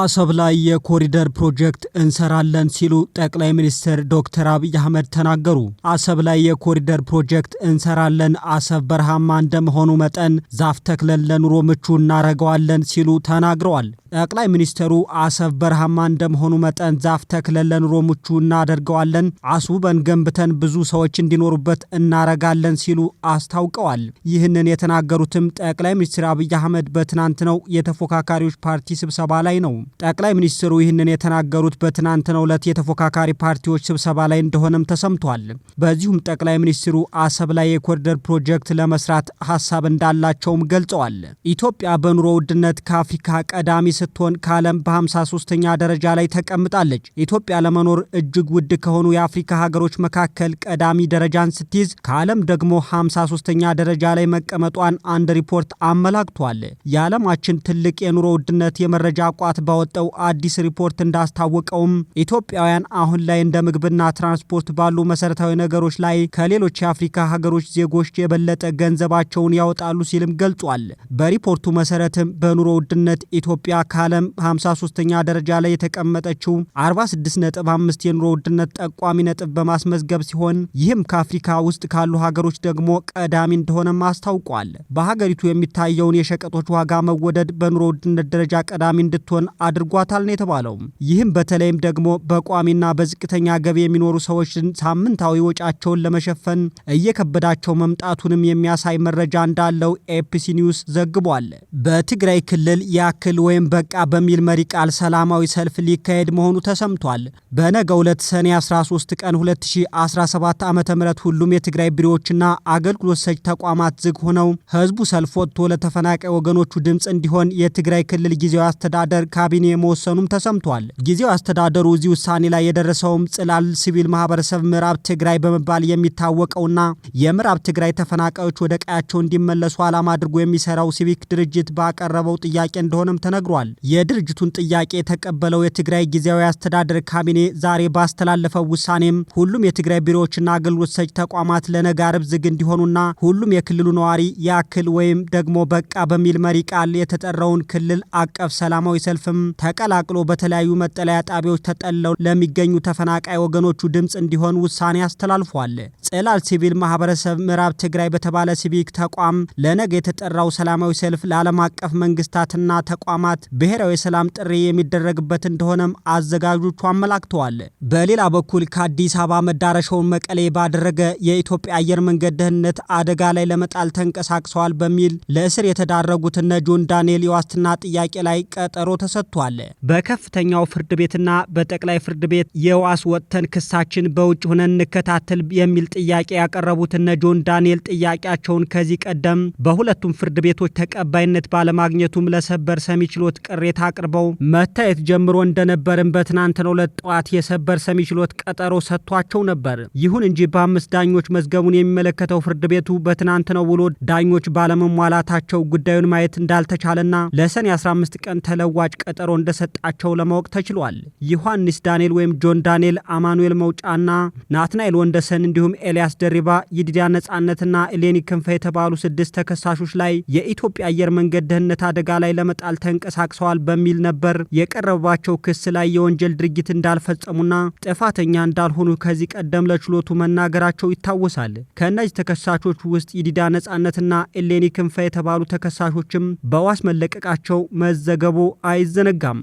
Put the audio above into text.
አሰብ ላይ የኮሪደር ፕሮጀክት እንሰራለን ሲሉ ጠቅላይ ሚኒስትር ዶክተር አብይ አህመድ ተናገሩ። አሰብ ላይ የኮሪደር ፕሮጀክት እንሰራለን፣ አሰብ በረሃማ እንደመሆኑ መጠን ዛፍ ተክለን ለኑሮ ምቹ እናረገዋለን ሲሉ ተናግረዋል። ጠቅላይ ሚኒስትሩ አሰብ በረሃማ እንደመሆኑ መጠን ዛፍ ተክለን ለኑሮ ምቹ እናደርገዋለን፣ አስውበን ገንብተን ብዙ ሰዎች እንዲኖሩበት እናረጋለን ሲሉ አስታውቀዋል። ይህንን የተናገሩትም ጠቅላይ ሚኒስትር አብይ አህመድ በትናንትናው የተፎካካሪዎች ፓርቲ ስብሰባ ላይ ነው። ጠቅላይ ሚኒስትሩ ይህንን የተናገሩት በትናንትናው ዕለት የተፎካካሪ ፓርቲዎች ስብሰባ ላይ እንደሆነም ተሰምቷል። በዚሁም ጠቅላይ ሚኒስትሩ አሰብ ላይ የኮሪደር ፕሮጀክት ለመስራት ሀሳብ እንዳላቸውም ገልጸዋል። ኢትዮጵያ በኑሮ ውድነት ከአፍሪካ ቀዳሚ ስትሆን ከዓለም በ53ኛ ደረጃ ላይ ተቀምጣለች። ኢትዮጵያ ለመኖር እጅግ ውድ ከሆኑ የአፍሪካ ሀገሮች መካከል ቀዳሚ ደረጃን ስትይዝ ከዓለም ደግሞ 53ኛ ደረጃ ላይ መቀመጧን አንድ ሪፖርት አመላክቷል። የዓለማችን ትልቅ የኑሮ ውድነት የመረጃ ቋት ባወጣው አዲስ ሪፖርት እንዳስታወቀውም ኢትዮጵያውያን አሁን ላይ እንደ ምግብና ትራንስፖርት ባሉ መሰረታዊ ነገሮች ላይ ከሌሎች የአፍሪካ ሀገሮች ዜጎች የበለጠ ገንዘባቸውን ያወጣሉ ሲልም ገልጿል። በሪፖርቱ መሰረትም በኑሮ ውድነት ኢትዮጵያ ከዓለም 53ኛ ደረጃ ላይ የተቀመጠችው 46.5 የኑሮ ውድነት ጠቋሚ ነጥብ በማስመዝገብ ሲሆን ይህም ከአፍሪካ ውስጥ ካሉ ሀገሮች ደግሞ ቀዳሚ እንደሆነም አስታውቋል። በሀገሪቱ የሚታየውን የሸቀጦች ዋጋ መወደድ በኑሮ ውድነት ደረጃ ቀዳሚ እንድትሆን አድርጓታል ነው የተባለው። ይህም በተለይም ደግሞ በቋሚና በዝቅተኛ ገቢ የሚኖሩ ሰዎች ሳምንታዊ ወጫቸውን ለመሸፈን እየከበዳቸው መምጣቱንም የሚያሳይ መረጃ እንዳለው ኤፒሲ ኒውስ ዘግቧል። በትግራይ ክልል ያክል ወይም በቃ በሚል መሪ ቃል ሰላማዊ ሰልፍ ሊካሄድ መሆኑ ተሰምቷል። በነገ 2 ሰኔ 13 ቀን 2017 ዓ ም ሁሉም የትግራይ ቢሮዎችና አገልግሎት ሰጪ ተቋማት ዝግ ሆነው ህዝቡ ሰልፍ ወጥቶ ለተፈናቃይ ወገኖቹ ድምፅ እንዲሆን የትግራይ ክልል ጊዜያዊ አስተዳደር ካቢኔ መወሰኑም ተሰምቷል። ጊዜው አስተዳደሩ እዚህ ውሳኔ ላይ የደረሰውም ጽላል ሲቪል ማህበረሰብ ምዕራብ ትግራይ በመባል የሚታወቀውና የምዕራብ ትግራይ ተፈናቃዮች ወደ ቀያቸው እንዲመለሱ ዓላማ አድርጎ የሚሰራው ሲቪክ ድርጅት ባቀረበው ጥያቄ እንደሆነም ተነግሯል። የድርጅቱን ጥያቄ የተቀበለው የትግራይ ጊዜያዊ አስተዳደር ካቢኔ ዛሬ ባስተላለፈው ውሳኔም ሁሉም የትግራይ ቢሮዎችና አገልግሎት ሰጭ ተቋማት ለነገ አርብ ዝግ እንዲሆኑና ሁሉም የክልሉ ነዋሪ ያክል ወይም ደግሞ በቃ በሚል መሪ ቃል የተጠራውን ክልል አቀፍ ሰላማዊ ሰልፍም ተቀላቅሎ በተለያዩ መጠለያ ጣቢያዎች ተጠለው ለሚገኙ ተፈናቃይ ወገኖቹ ድምፅ እንዲሆን ውሳኔ አስተላልፏል። ጽላል ሲቪል ማህበረሰብ ምዕራብ ትግራይ በተባለ ሲቪክ ተቋም ለነገ የተጠራው ሰላማዊ ሰልፍ ለዓለም አቀፍ መንግስታትና ተቋማት ብሔራዊ የሰላም ጥሪ የሚደረግበት እንደሆነም አዘጋጆቹ አመላክተዋል። በሌላ በኩል ከአዲስ አበባ መዳረሻውን መቀሌ ባደረገ የኢትዮጵያ አየር መንገድ ደህንነት አደጋ ላይ ለመጣል ተንቀሳቅሰዋል በሚል ለእስር የተዳረጉት እነ ጆን ዳንኤል የዋስትና ጥያቄ ላይ ቀጠሮ ተሰ ተሰጥቷል። በከፍተኛው ፍርድ ቤትና በጠቅላይ ፍርድ ቤት የዋስ ወጥተን ክሳችን በውጭ ሆነን እንከታተል የሚል ጥያቄ ያቀረቡት እነ ጆን ዳንኤል ጥያቄያቸውን ከዚህ ቀደም በሁለቱም ፍርድ ቤቶች ተቀባይነት ባለማግኘቱም ለሰበር ሰሚ ችሎት ቅሬታ አቅርበው መታየት ጀምሮ እንደነበርም በትናንትናው ዕለት ጠዋት የሰበር ሰሚ ችሎት ቀጠሮ ሰጥቷቸው ነበር። ይሁን እንጂ በአምስት ዳኞች መዝገቡን የሚመለከተው ፍርድ ቤቱ በትናንትናው ውሎ ዳኞች ባለመሟላታቸው ጉዳዩን ማየት እንዳልተቻለና ለሰኔ 15 ቀን ተለዋጭ ቀጠሮ እንደሰጣቸው ለማወቅ ተችሏል። ዮሐንስ ዳንኤል ወይም ጆን ዳንኤል፣ አማኑኤል መውጫና ናትናኤል ወንደሰን እንዲሁም ኤልያስ ደሪባ፣ ይዲዳ ነጻነትና ኤሌኒ ክንፈ የተባሉ ስድስት ተከሳሾች ላይ የኢትዮጵያ አየር መንገድ ደህንነት አደጋ ላይ ለመጣል ተንቀሳቅሰዋል በሚል ነበር የቀረበባቸው ክስ ላይ የወንጀል ድርጊት እንዳልፈጸሙና ጥፋተኛ እንዳልሆኑ ከዚህ ቀደም ለችሎቱ መናገራቸው ይታወሳል። ከእነዚህ ተከሳሾች ውስጥ ይዲዳ ነጻነትና ኤሌኒ ክንፈ የተባሉ ተከሳሾችም በዋስ መለቀቃቸው መዘገቡ አይዘ አልዘነጋም